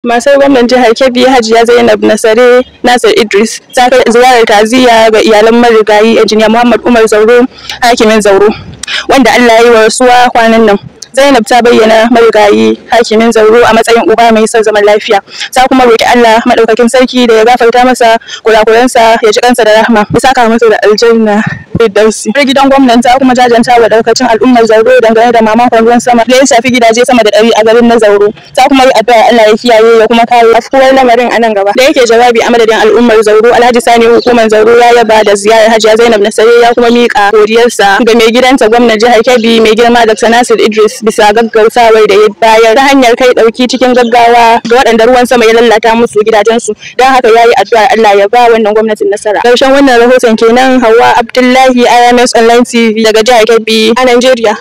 Masar gwamnan jihar Kebbi Hajiya Zainab Nasare Nasir Idris ta kai ziyarar taziya ga iyalan marigayi injiniya Muhammad Umar Zauro hakimin Zauro wanda Allah ya yi wa rasuwa kwanan nan. Zainab ta bayyana marigayi hakimin Zauro a matsayin uba mai son zaman lafiya. Ta kuma roƙi Allah maɗaukakin sarki da ya gafarta masa kurakuransa ya ji kansa da rahma. Ya saka masa da aljanna. Firdausi. Har gidan gwamnan ta kuma jajanta wa daukacin al'ummar Zauro dangane da mamakon ruwan sama da ya shafi gidaje sama da ɗari a garin na Zauro. Ta kuma yi addu'a Allah ya kiyaye ya kuma kare afkuwar lamarin a nan gaba. Da yake jawabi a madadin al'ummar Zauro Alhaji Sani hukumar Zauro ya yaba da ziyarar Hajiya Zainab Nasare ya kuma miƙa godiyarsa ga mai gidanta gwamnan jihar Kebbi mai girma Dr. Nasir Idris bisa gaggautawar da ya bayar ta hanyar kai ɗauki cikin gaggawa ga waɗanda ruwan sama ya lallata musu gidajensu. Don haka ya yi addu'a Allah ya ba wannan gwamnatin nasara. Ƙarshen wannan rahoton kenan Hauwa Abdullahi Abdullahi IMS Online TV daga Jihar Kebbi a Najeriya.